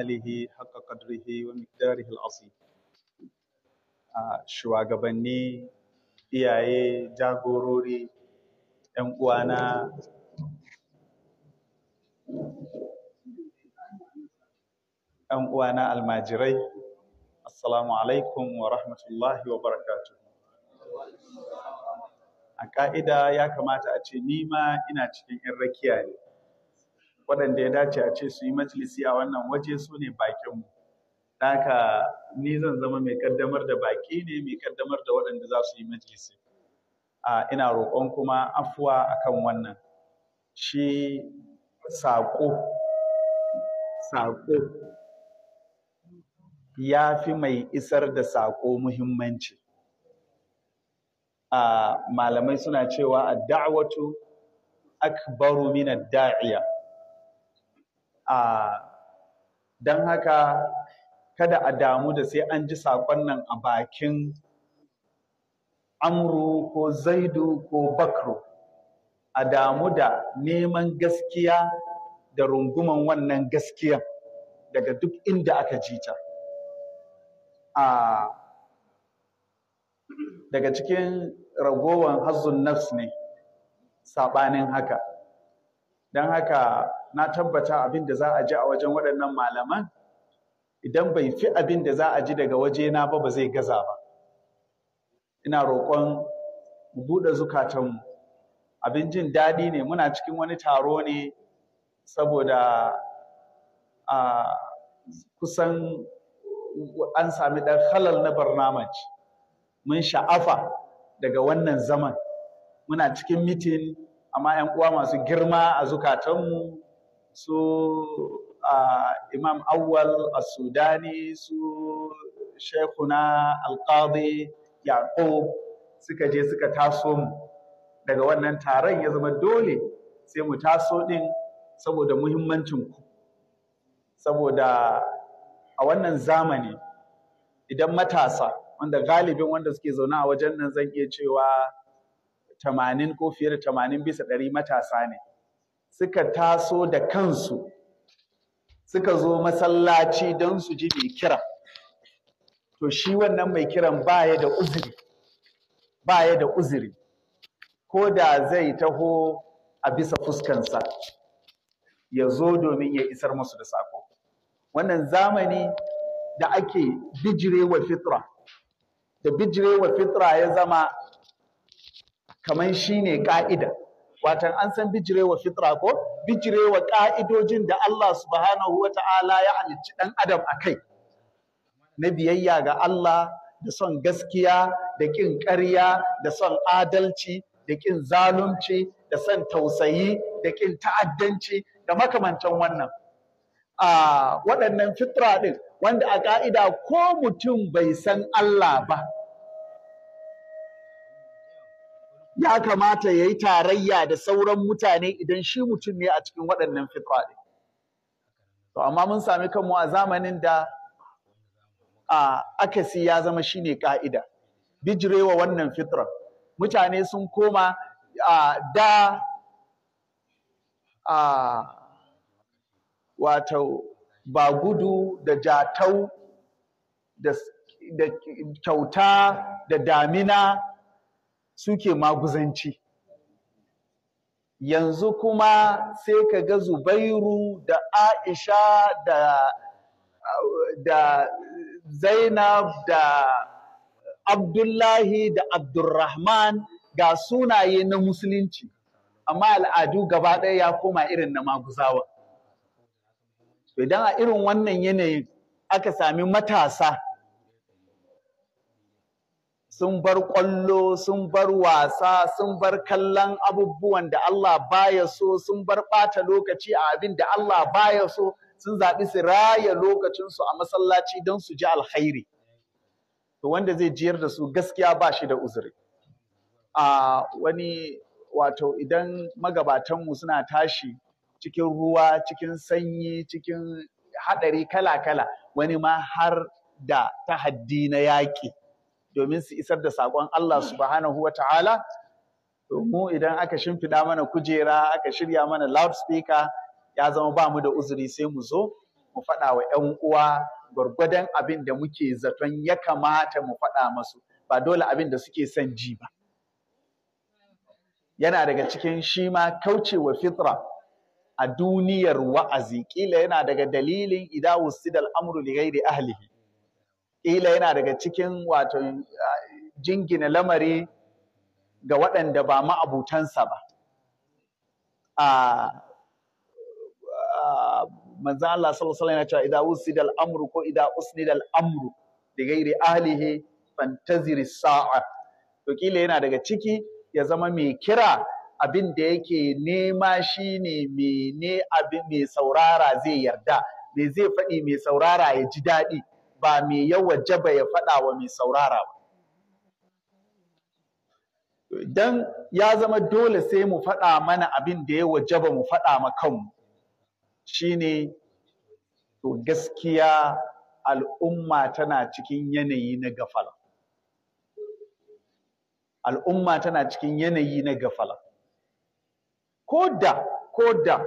آله حق wa ومقداره العظيم shugabanni iyaye jagorori 'yan uwana ‘yan uwana almajirai assalamu alaikum wa rahmatullahi wa barakatu a ƙa'ida ya kamata a ce nima ina cikin ‘yan rakiya ne waɗanda ya dace a ce su yi majalisi a wannan waje su ne bakinmu haka ni zan zama mai kaddamar da baki ne mai kaddamar da waɗanda za su yi majalisi a ina roƙon kuma afuwa akan wannan shi saƙo saƙo ya fi mai isar da saƙo muhimmanci malamai suna cewa a da'watu akbaru min daiya a don haka kada a damu da sai an ji saƙon nan a bakin amru ko zaidu ko bakro a damu da neman gaskiya da runguman wannan gaskiya daga duk inda aka ji ta a daga cikin ragowar hazzun nafs ne saɓanin haka don haka na tabbata abin da za a ji a wajen waɗannan malaman idan bai fi abin da za a ji daga wajena ba ba zai gaza ba ina roƙon mu buɗe zukatanmu abin jin daɗi ne muna cikin wani taro ne saboda a kusan an sami ɗan halal na barnamaj mun sha'afa daga wannan zaman muna cikin mitin amma 'yan uwa masu girma a zukatanmu su imam awwal a sudani su shekuna alqadi yaqub suka je suka taso mu daga wannan taron ya zama dole sai mu taso ɗin saboda muhimmancin ku saboda a wannan zamani idan matasa wanda galibin wanda suke zaune a wajen nan zan iya cewa tamanin ko fiye da tamanin bisa ɗari matasa ne suka taso da kansu suka zo masallaci don su ji mai kira to shi wannan mai kiran baya da uzuri baya da uzuri ko da zai taho a bisa fuskansa ya zo domin ya isar musu da sako wannan zamani da ake bijirewa fitra da bijirewa fitra ya zama kamar shine ƙa'ida watan an san bijirewa fitra ko bijirewa ka'idojin da Allah subhanahu wa ta'ala ya halicci ɗan adam a kai, na biyayya ga Allah da son gaskiya da ƙin ƙarya da son adalci da ƙin zalunci da son tausayi da ƙin ta'addanci da makamantan wannan a waɗannan fitra ɗin wanda a ƙa'ida ko mutum bai san Allah ba ya kamata ya yi tarayya da sauran mutane idan shi mutum ne a cikin waɗannan fitra ɗin. To amma mun sami kanmu a zamanin da a akasi ya zama shi ne ƙa'ida, bijirewa wannan fitra. Mutane sun koma a da a wato ba gudu da jatau da kyauta da damina suke maguzanci yanzu kuma sai ka ga zubairu da aisha da da zainab da abdullahi da abdurrahman ga sunaye na musulunci amma al'adu gaba ɗaya ya koma irin na maguzawa idan a irin wannan yanayin aka sami matasa sun bar ƙwallo, sun bar wasa, sun bar kallon abubuwan da Allah baya so, sun bar ɓata lokaci a abin da Allah baya so, sun zaɓi su raya lokacinsu a masallaci don su ji alhairi To wanda zai jiyar da su gaskiya ba shi da uzuri. A wani wato idan magabatanmu suna tashi cikin ruwa, cikin sanyi, cikin haɗari kala-kala, wani ma har da tahaddi na yaƙi. domin su isar da saƙon Allah hmm. subhanahu wa ta'ala mu idan aka shimfiɗa mana kujera aka shirya mana loudspeaker ya zama ba mu da uzuri sai mu zo mu faɗa wa 'yan uwa gwargwadon abin da muke zaton ya kamata mu faɗa masu ba dole abin da suke son ji ba yana daga cikin shi ma wa fitra a duniyar wa'azi Ƙila yana daga dalilin idawu sidal amru li ghairi ahlihi ƙila yana daga cikin wato eh, jingina lamari ga waɗanda ba ma'abutansa ba. A manzan Allah sallallahu Alaihi cewa idan usidal amru ko idan usnidal amru da gairi ahlihi fantazir sa'a. To ƙila yana daga ciki ya zama mai kira abin da yake nema shi ne mene abin mai saurara zai yarda, me zai faɗi mai saurara ya ji daɗi. ba mai yawa ba ya faɗa wa mai saurara ba Idan ya zama dole sai mu faɗa mana abin da ya wajaba mu faɗa ma kanmu shine to gaskiya al'umma tana cikin yanayi na gafala al'umma tana cikin yanayi na gafala ko da ko da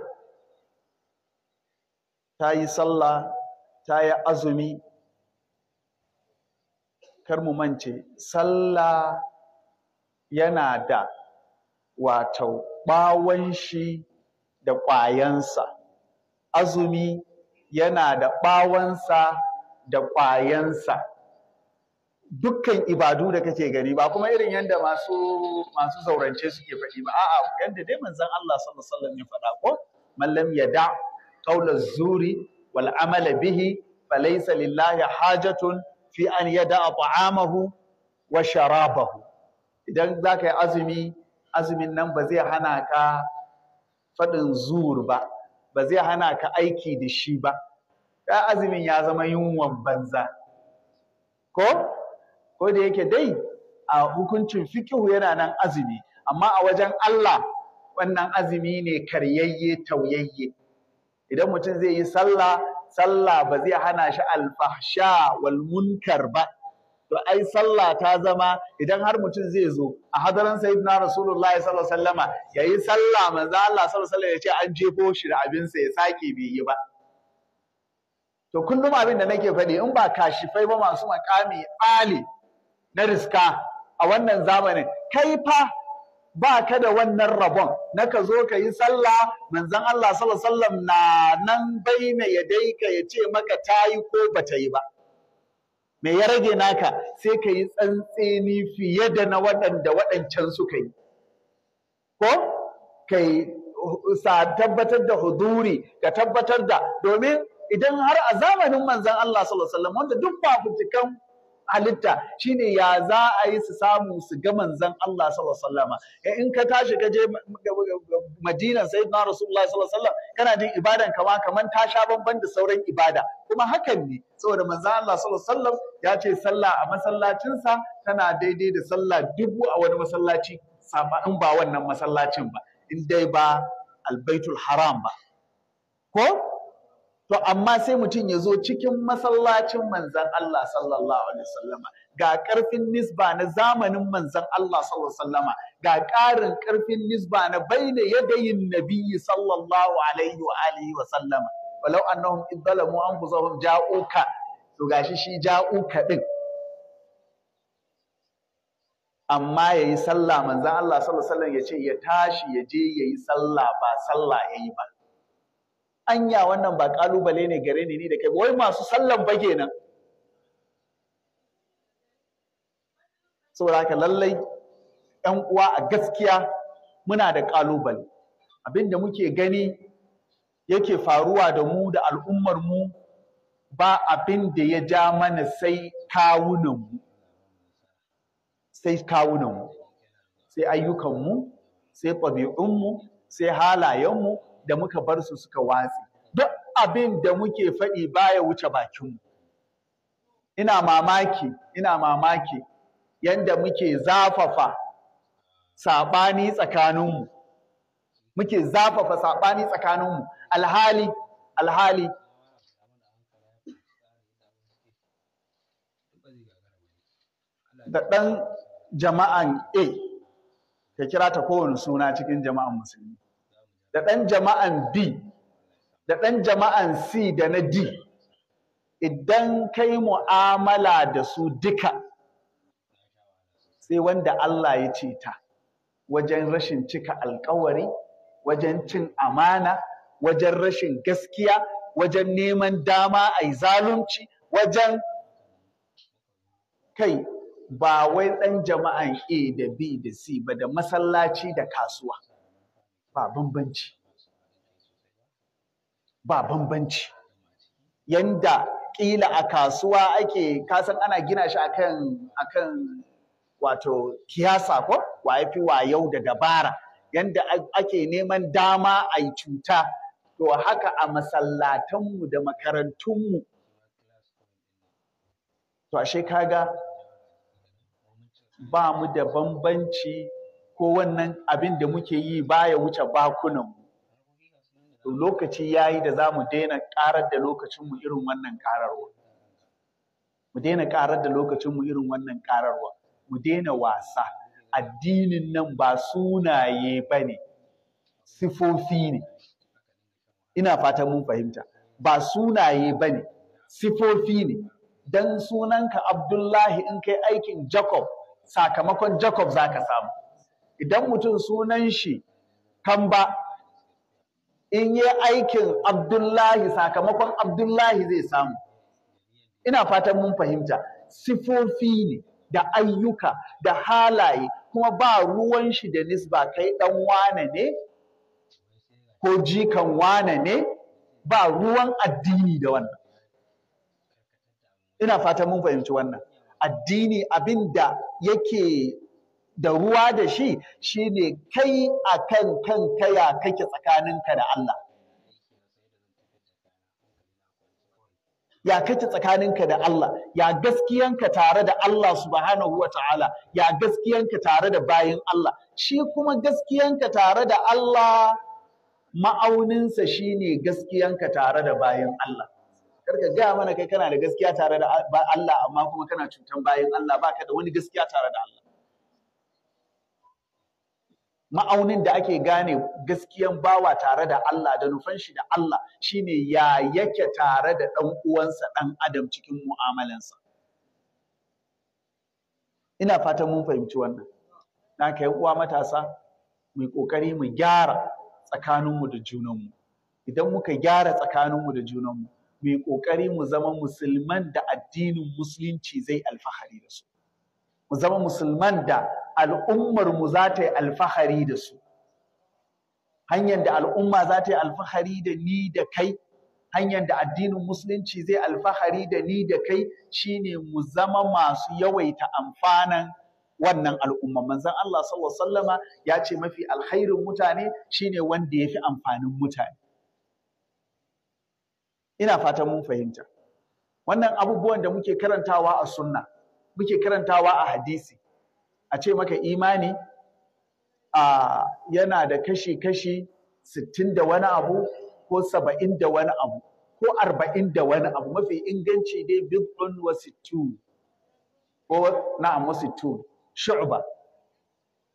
ta yi sallah ta yi azumi kar mu mance sallah yana da wato ɓawon shi da ƙwayansa azumi yana da ɓawonsa da ƙwayansa dukkan ibadu da kake gani ba kuma irin yadda masu masu zaurance suke faɗi ba a'a yanda dai manzon Allah sallallahu alaihi wasallam ya faɗa ko mallam ya da qaulaz zuri wal amala bihi falaysa lillahi hajatun fi an yada ta'amahu wa sharabahu idan za yi azumi azumin nan ba zai hana ka faɗin zuwur ba ba zai hana ka aiki da shi ba ya azumin ya zama yunwan banza ko ko da yake dai a hukuncin fikihu yana nan azumi amma a wajen Allah wannan azumi ne karyayye tauyayye idan mutum zai yi sallah sallah ba zai hana shi alfahsha wal munkar ba to ai sallah ta zama idan har mutum zai zo a hadaran sayyidina rasulullahi sallallahu alaihi wasallama yayi sallah manzo Allah sallallahu alaihi wasallam ya ce an jefo shi da abin sa ya sake bai yi ba to kullum abin da nake faɗi in ba kashifai ba masu makami ali na riska a wannan zamanin kai fa ba ka da wannan rabon na ka zo ka yi sallah manzon Allah sallallahu na nan baina ya daika ya ce maka ta yi ko ba ta yi ba me ya rage naka sai ka yi tsantseni fiye da na waɗanda waɗancan suka yi ko ka sa tabbatar da huduri ka tabbatar da domin idan har a zamanin manzon Allah sallallahu alaihi wanda duk fafutukan halitta shine ya za a yi su samu su ga manzon Allah sallallahu alaihi wasallam eh, in ka tashi ka je Madinan sayyidina Rasulullahi sallallahu alaihi wasallam kana jin ibadan kama kaman ta sha banban da sauran ibada kuma hakan ne saboda manzon Allah sallallahu alaihi wasallam ya ce sallah a masallacinsa tana daidai da sallah dubu a wani masallaci sama in ba wannan masallacin ba in dai ba albaitul haram ba ko to amma sai mutum ya zo cikin masallacin manzan Allah sallallahu alaihi wasallama ga ƙarfin nisba na zamanin manzan Allah sallallahu alaihi wasallama ga ƙarin ƙarfin nisba na baina yadayin nabiyyi sallallahu alaihi wa wasallama walau annahum idzalamu anfusahum ja'uka to gashi shi ja'uka din amma yayi sallah manzan Allah sallallahu alaihi wasallam ya ce ya tashi ya je yayi sallah ba sallah yayi ba anya wannan ba kalubale ne gare ni ni da kai wai masu sallan ba kenan saboda haka lallai ‘yan uwa a gaskiya muna da ƙalubale abin da muke gani yake faruwa da mu da al'ummar mu ba abin da ya ja mana sai kawunan mu, sai mu sai mu sai mu sai halayenmu da muka bar su suka watsi duk abin da muke faɗi baya wuce bakinmu ina mamaki ina mamaki yanda muke zafafa saɓani tsakaninmu muke zafafa saɓani tsakaninmu alhali alhali da ɗan jama'an A ka kira ta kowane suna cikin jama'an musulmi da ɗan jama'an B da ɗan jama'an C da na D idan kai mu'amala da su duka sai wanda Allah ya ce ta wajen rashin cika alkawari wajen cin amana wajen rashin gaskiya wajen neman dama a yi zalunci wajen kai ba wai ɗan jama'an A da B da C ba da masallaci da kasuwa ba bambanci ba bambanci yanda ƙila a kasuwa ake kasan ana gina shi akan akan wato kiyasa ko fi wa yau da dabara yanda ake neman dama a cuta to haka a masallatanmu da makarantunmu to ashe kaga ba mu da bambanci ko wannan abin da muke yi baya wuce bakunan to lokaci ya yi da za mu daina ƙarar da lokacinmu irin wannan ƙararwa. mu daina ƙarar da lokacinmu irin wannan ƙararwa. mu daina wasa addinin nan ba sunaye ba ne sifofi ne ina fatan mun fahimta ba sunaye ba ne sifofi ne don sunanka abdullahi in kai aikin jacob sakamakon jacob za ka samu idan mutum sunan shi kamba in yi aikin abdullahi sakamakon abdullahi zai samu ina fatan mun fahimta sifofi ne da ayyuka da halaye kuma ba ruwan shi da nisba kai dan wane ne ko jikan wane ne ba ruwan addini da wannan ina fatan mun fahimci wannan addini abin da yake da ruwa da shi shi ne kai akan kan kaya kake tsakaninka da Allah ya kake tsakaninka da Allah ya gaskiyanka tare da Allah subhanahu wa ta'ala ya gaskiyanka tare da bayin Allah shi kuma gaskiyanka tare da Allah ma'auninsa shi ne gaskiyanka tare da bayin Allah karka gaya mana kai kana da gaskiya tare da Allah amma kuma kana cutan bayin Allah baka da wani gaskiya tare da Allah ma'aunin da ake gane gaskiyan bawa tare da Allah da nufan shi da Allah shine ya yake tare da ɗan uwansa ɗan adam cikin mu'amalansa ina fatan mun fahimci wannan na kai uwa matasa mai kokari mu gyara tsakaninmu da junanmu idan muka gyara tsakaninmu da junanmu mai ƙoƙari kokari mu zama musulman da addinin musulunci zai alfahari da su mu zama musulman da al'ummar mu za ta yi alfahari da su hanyar da al'umma za ta yi alfahari da ni da kai hanyar da addinin musulunci zai alfahari da ni da kai shine mu zama masu yawaita amfanan wannan al'umma manzon Allah sallallahu wasallama ya ce mafi alkhairin mutane shine wanda yafi amfanin mutane ina fatan mun fahimta wannan abubuwan da muke karantawa a sunna muke karantawa a hadisi a ce maka imani a yana da kashi-kashi sittin da wani abu ko saba'in da wani abu ko arba'in da wani abu mafi inganci dai bid'un wa sittun ko na'am wa sittun shu'ba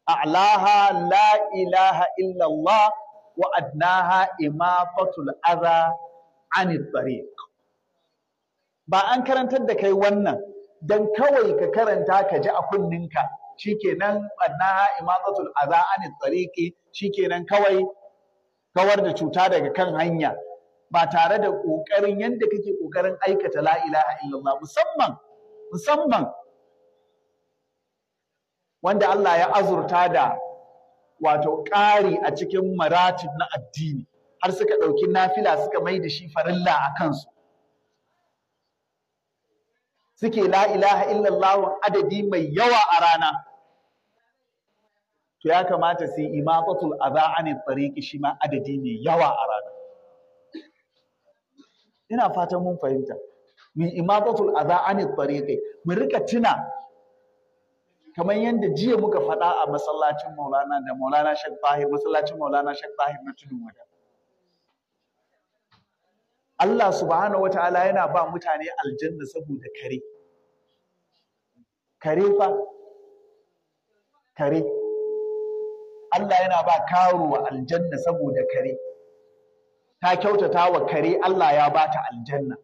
a'laha la ilaha illallah wa adnaha imatatul adha anit tariq ba an karantar da kai wannan dan kawai ka karanta ka ji a kunninka shikenan annaha imatatul adha an tsariki shikenan kawai kawar da cuta daga kan hanya ba tare da ƙoƙarin yadda kake ƙoƙarin aikata la ilaha illallah musamman musamman wanda Allah ya azurta da wato ƙari a cikin maratib na addini har suka ɗauki nafila suka mai da shi farilla a kansu suke la ilaha illallah adadi mai yawa a rana to ya kamata sai yi imatatul adha anil tariqi shi ma adadi mai yawa a rana ina fatan mun fahimta min imatatul adha anil tariqi mu rika tuna kamar yadda jiya muka faɗa a masallacin Maulana da Maulana Sheikh Fahim masallacin Maulana Sheikh Fahim na tudun wada Allah subhanahu wataala yana ba mutane aljanna saboda kare kare fa kare Allah yana ba karuwa aljanna saboda kare ta kyautata wa kare Allah ya ba ta aljanna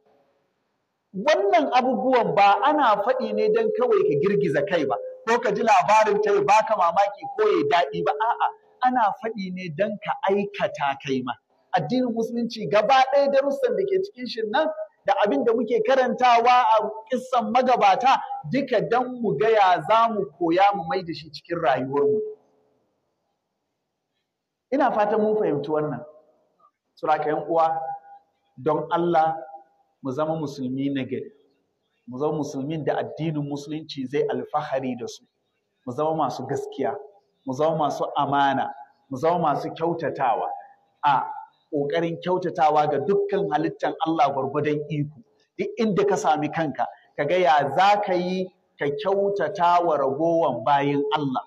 wannan abubuwan ba ana faɗi ne don kawai ka girgiza kai ba ko ka ji labarin ta ba ka mamaki ko ya daɗi ba a'a ana faɗi ne don ka aikata kai ma addinin musulunci gaba ɗaya darussan da ke cikin shin nan da abin da muke karantawa a kissan magabata duka dan mu gaya za mu koya mu mai da shi cikin rayuwarmu ina fatan mun fahimci wannan suraka yan uwa don Allah mu zama musulmi na gari mu zama musulmin da addinin musulunci zai alfahari da su mu zama masu gaskiya mu zama masu amana mu zama masu kyautatawa a ƙoƙarin kyautatawa ga dukkan halittan Allah gwargwadon iko duk inda ka sami kanka ka ga ya za ka yi ka kyautatawa ragowar ragowan bayin Allah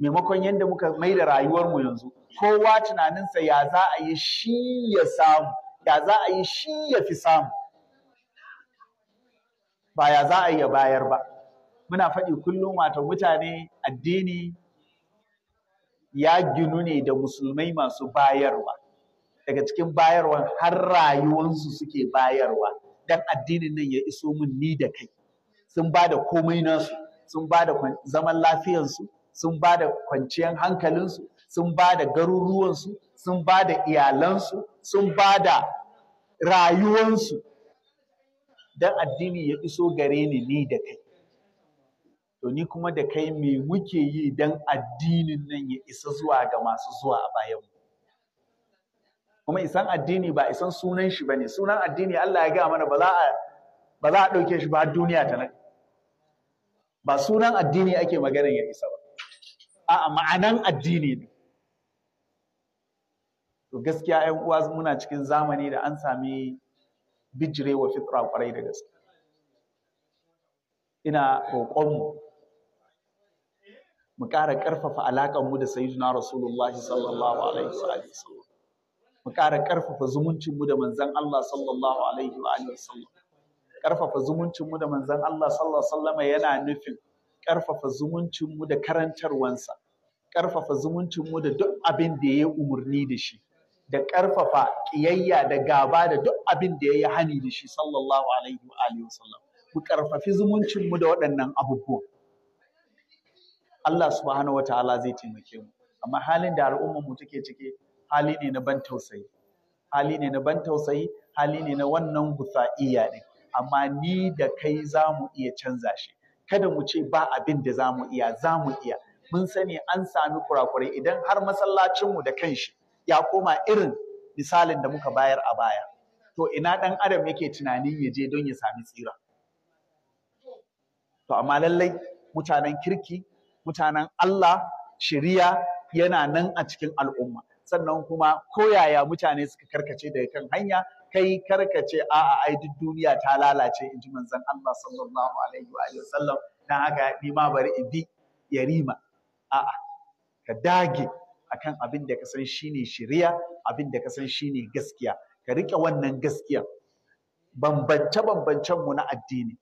maimakon yadda muka mai da rayuwarmu yanzu kowa tunaninsa ya za a yi shi ya samu ya za a yi shi ya fi samu ba ya za a yi ya bayar ba muna faɗi kullum wata mutane addini ya ginu ne da musulmai masu bayarwa daga cikin bayarwa har rayuwansu suke bayarwa dan addinin nan ya iso mun ni da kai sun ba da komai nasu sun ba da zaman su. sun ba da kwanciyar hankalinsu sun ba da garuruwansu sun ba da iyalansu sun ba da rayuwansu don addini ya iso gare ni ni da kai to ni kuma da kai me muke yi don addinin nan ya isa zuwa ga masu zuwa a bayanmu kuma isan addini ba isan sunan shi ba ne. sunan addini Allah ya gaya mana ba za a ɗauke shi ba duniya ta nan ba sunan addini ake maganar ya isa ba a'a ma'anan addini ne to gaskiya ƴan uwa muna cikin zamani da an sami bijirewa fitra kwarai da gaske ina roƙonmu mu ƙara ƙarfafa alaƙanmu da sayyidina rasulullahi sallallahu alaihi sallam mu ƙara ƙarfafa zumuncinmu da manzon Allah sallallahu alaihi wa sallam ƙarfafa zumuncinmu da manzon Allah sallallahu alaihi yana nufin ƙarfafa zumuncinmu da karantarwansa ƙarfafa zumuncinmu da duk abin da ya yi umarni da shi da ƙarfafa ƙiyayya da gaba da duk abin da ya yi hani da shi sallallahu alaihi wa alihi wasallam mu ƙarfafi zumuncinmu da waɗannan abubuwan Allah subhanahu wataala zai taimake mu amma halin da al'ummar mu take cike hali ne na ban tausayi hali ne na ban tausayi hali ne na wannan gusa'iya ne amma ni da kai za mu iya canza shi kada mu ce ba abin da za mu iya za mu iya mun sani an sami kurakurai idan har masallacinmu da kanshi ya koma irin misalin da muka bayar a baya to ina ɗan adam yake tunanin ya je don ya sami tsira to amma lallai mutanen kirki mutanen Allah shiriya yana nan a cikin al'umma sannan kuma koyaya mutane suka karkace daga kan hanya kai karkace a'a ai duk duniya ta lalace in ji manzon Allah sallallahu alaihi wa sallam dan haka ni ma bari in bi yarima a'a ka dage akan abin da ka san shine shiriya abin da ka san shine gaskiya ka rike wannan gaskiya bambance bambancen mu na addini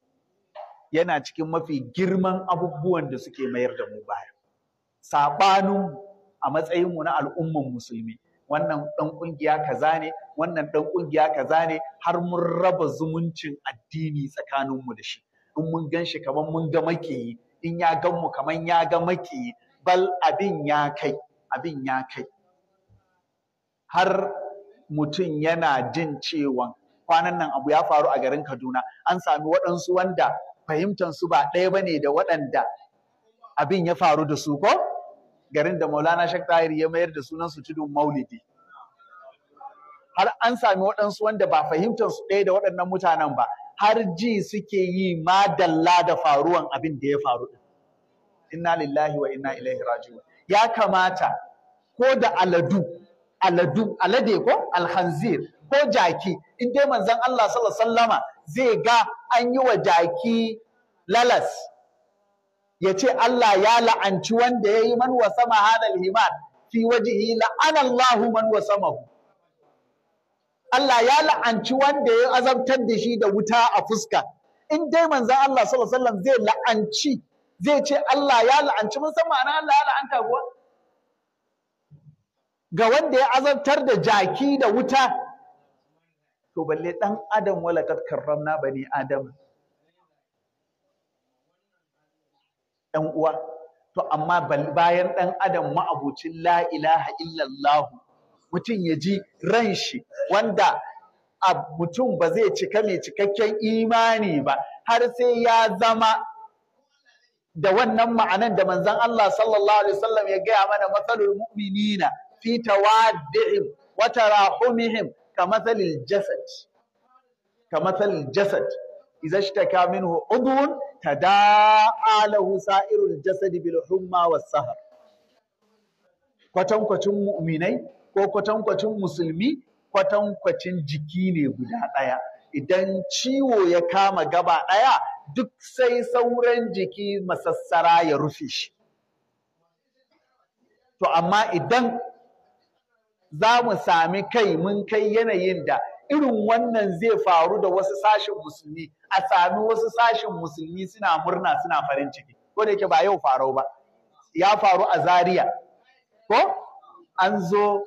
yana cikin mafi girman abubuwan da suke mayar da mu baya Saɓanu a matsayin mu na al'umman musulmi wannan dan kungiya kaza ne wannan ɗan ƙungiya kaza ne har mun raba zumuncin addini tsakanin mu da shi in mun gan shi mun ga makiyi in ya gan mu ya ga makiyi bal abin ya kai abin ya kai har mutum yana jin cewa kwanan nan abu ya faru a garin Kaduna an sami waɗansu wanda fahimtansu ba ɗaya ba ne da waɗanda abin ya faru da su ko garin da Maulana Sheikh Tahir ya mayar da sunansu tudun Maulidi har an sami waɗansu wanda ba fahimtansu ɗaya da waɗannan mutanen ba har ji suke yi ma dalla da faruwan abin da ya faru inna lillahi wa inna ilaihi raji'un ya kamata ko da aladu aladu alade ko alhanzir ko jaki in dai manzon Allah sallallahu alaihi wasallama zai ga an yi wa jaki lalas ya ce Allah ya la'anci wanda ya yi man wasama hadal himar fi wajihi la'anallahu man wasama Allah ya la'anci wanda ya azabtar da shi da wuta a fuska in dai manzon Allah sallallahu alaihi wasallam zai la'anci zai ce Allah ya la'anci mun san ma'ana Allah ya la'anta kuwa ga wanda ya azabtar da jaki da wuta to balle dan adam wala kad karramna bani adam ɗan uwa to amma bayan ɗan adam ma'abucin la ilaha illallah mutum ya ji ran shi wanda mutum ba zai cika mai cikakken imani ba har sai ya zama da wannan ma'anan da manzon Allah sallallahu alaihi wasallam ya gaya mana matsalul mu'minina fi tawaddihim wa tarahumihim ka matsalil jasad ka matsalil jasad idza ishtaka minhu udwun tada'a lahu sa'irul jasad bil humma was sahar kwatankwacin mu'minai ko kwatankwacin musulmi kwatankwacin jiki ne guda ɗaya idan ciwo ya kama gaba ɗaya duk sai sauran jiki masassara ya rufe shi to amma idan za mu sami kai mun kai yanayin da irin wannan zai faru da wasu sashin musulmi a sami wasu sashin musulmi suna murna suna farin ciki ko da yake ba yau faro ba ya faru a Zariya. ko an zo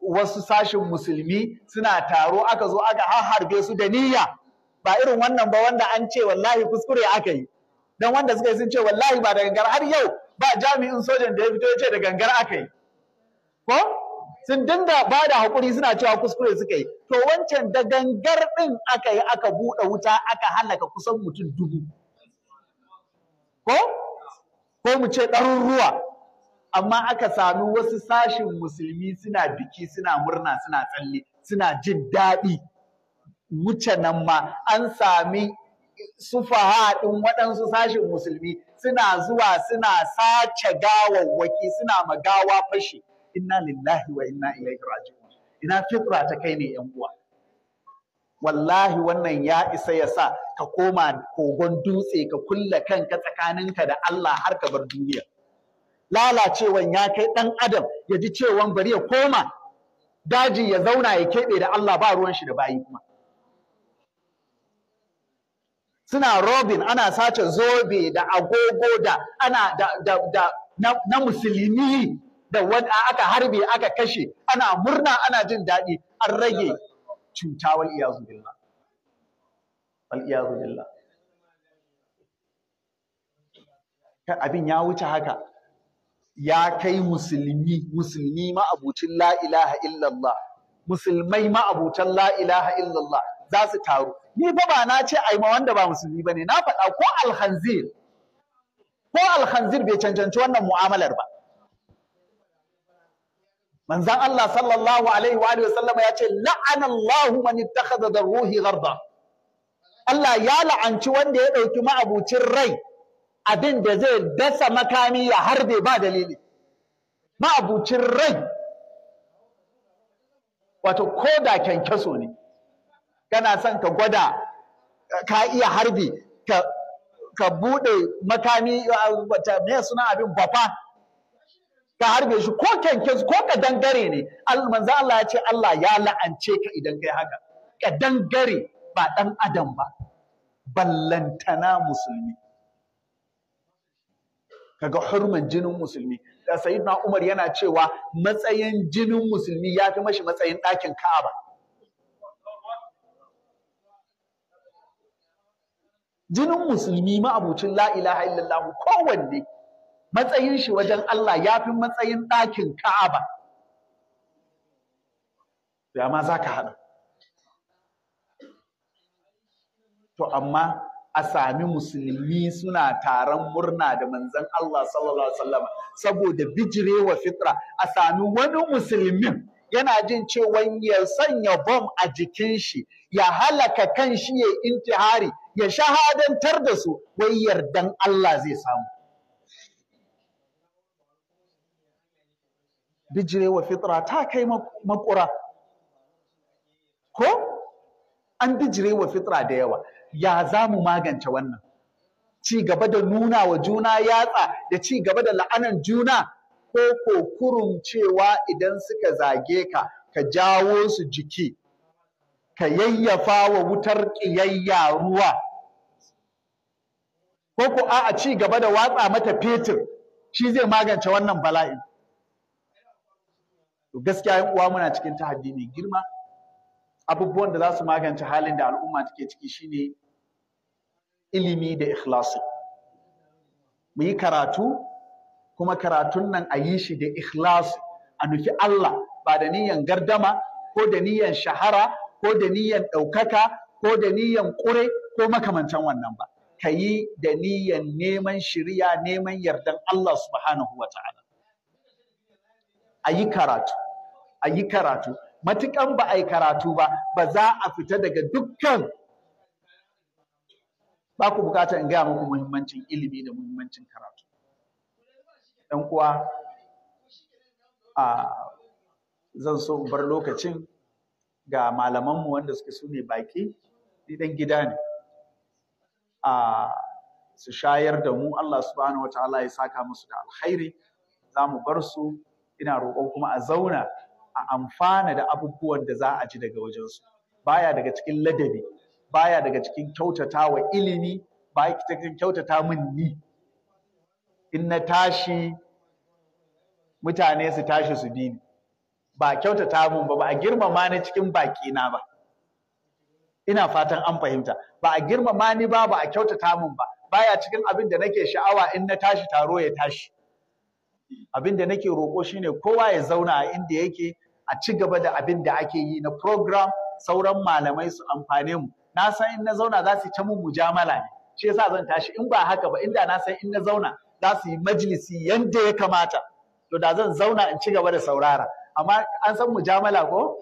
wasu sashin musulmi suna taro aka zo aka harbe su da niyya ba irin wannan ba wanda an ce wallahi kuskure aka yi dan wanda suka yi sun ce wallahi ba da gangar har yau ba jami'in sojan da ya fito ya ce da gangar aka yi ko sun dinga ba da haƙuri suna cewa kuskure suka yi to wancan da gangar ɗin aka yi aka buɗe wuta aka halaka kusan mutum dubu ko ko mu ce ɗaruruwa amma aka sami wasu sashin musulmi suna biki suna murna suna tsalle suna jin daɗi wuce nan ma an sami sufaha ɗin waɗansu sashen musulmi suna zuwa suna sace gawawwaki suna magawa fashe. inna lillahi wa inna ilaihi raji'un ina fitra ta kai ne yan uwa wallahi wannan ya isa ya sa ka koma kogon dutse ka kulle kanka tsakaninka da Allah har ka bar duniya lalacewan ya kai ɗan adam ya ji cewan bari ya koma daji ya zauna ya keɓe da Allah ba ruwan shi da bayi kuma suna robin ana sace zobe da agogo da ana da, da, da na, na musulmi da wanda aka harbe aka kashe ana murna ana jin daɗi an rage cuta wal iyazu billah wal iyazu billah abin ya wuce haka ya kai musulmi musulmi ma abucin la ilaha illallah musulmai ma abucin la ilaha illallah za su taru ni fa ba na ce ai ma wanda ba musulmi ne. na faɗa ko alhanzir ko alhanzir bai cancanci wannan mu'amalar ba manzon Allah sallallahu alaihi wa sallama ya ce la'ana Allahu man da ruhi gharda Allah ya la'anci wanda ya ɗauki ma'abucin rai abin da zai dasa makami ya harbe ba dalili ma'abucin rai wato ko da kyankyaso ne kana son ka gwada ka iya harbi ka ka buɗe makami me suna abin bafa ka harbe shi ko kyanke ko ka dangare ne manzo Allah ya ce Allah ya la'ance ka idan kai haka ka dangare ba dan adam ba ballantana musulmi kaga hurman jinin musulmi da sayyidina Umar yana cewa matsayin jinin musulmi ya fi mashi matsayin ɗakin Ka'aba jinin musulmi ma'abucin la ilaha illallah kowanne matsayin shi wajen Allah ya fi matsayin ɗakin Ka'aba ya ma za ka haɗa to amma a sami musulmi suna taron murna da manzon Allah sallallahu alaihi wasallam saboda wa fitra a sami wani musulmin yana jin cewa ya sanya bom a jikin shi ya halaka kan shi ya intihari ya shahadantar da su wai yardan Allah zai samu wa fitra ta kai makura ko an wa fitra da yawa ya za mu magance wannan ci gaba da nuna wa juna yatsa da ci gaba da la'anan juna ko ko kurun cewa idan suka zage ka ka jawo su jiki ka yayyafa wa wutar ƙiyayya ruwa ko ko a ci gaba da watsa mata fetur shi zai magance wannan bala'in to gaskiya yan uwa muna cikin tahaddi mai girma abubuwan da za su magance halin da al'umma take ciki shine ilimi da ikhlasi mu yi karatu kuma karatun nan a yi shi da ikhlas a nufi Allah ba da niyan gardama ko da niyan shahara ko da niyan ɗaukaka ko da niyan ƙure ko makamancin wannan ba ka yi da niyan neman shirya neman yardan Allah subhanahu wa ta'ala a yi karatu a yi karatu matukan ba a yi karatu ba ba za a fita daga dukkan ba ku bukata in gaya muku muhimmancin ilimi da muhimmancin karatu dan kuwa a zan so in bar lokacin ga malamanmu wanda suke su ne baki ni dan gida ne a su shayar da mu Allah subhanahu Taala ya saka musu da alkhairi za mu bar su ina roƙon kuma a zauna a amfana da abubuwan da za a ji daga wajensu baya daga cikin ladabi baya daga cikin kyautata wa ilimi baya cikin kyautata min ni in na tashi mutane su tashi su bi ba kyautata mun ba ba a girmama ni cikin baki na ba ina fatan an fahimta ba a girmama ni ba ba a kyautata min ba baya cikin abin da nake sha'awa in na tashi taro ya tashi abin da nake roƙo shine kowa ya zauna a inda yake a ci gaba da abin da ake yi na program sauran malamai su amfane mu na san in na zauna za su ta mun mujamala ne shi yasa zan tashi in ba haka ba inda na san in na zauna za su yi majalisi yanda ya kamata to da zan zauna in ci gaba da saurara amma an san mujamala ko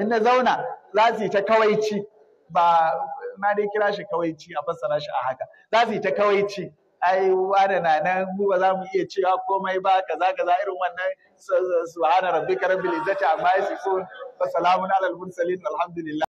in na zauna za su yi ta kawaici ba na dai kira shi kawaici a fassara shi a haka za su yi ta kawaici ai wani na nan mu ba za mu iya cewa komai ba kaza kaza irin wannan subhana rabbika rabbil izzati amma yasifun wa salamun alal mursalin alhamdulillah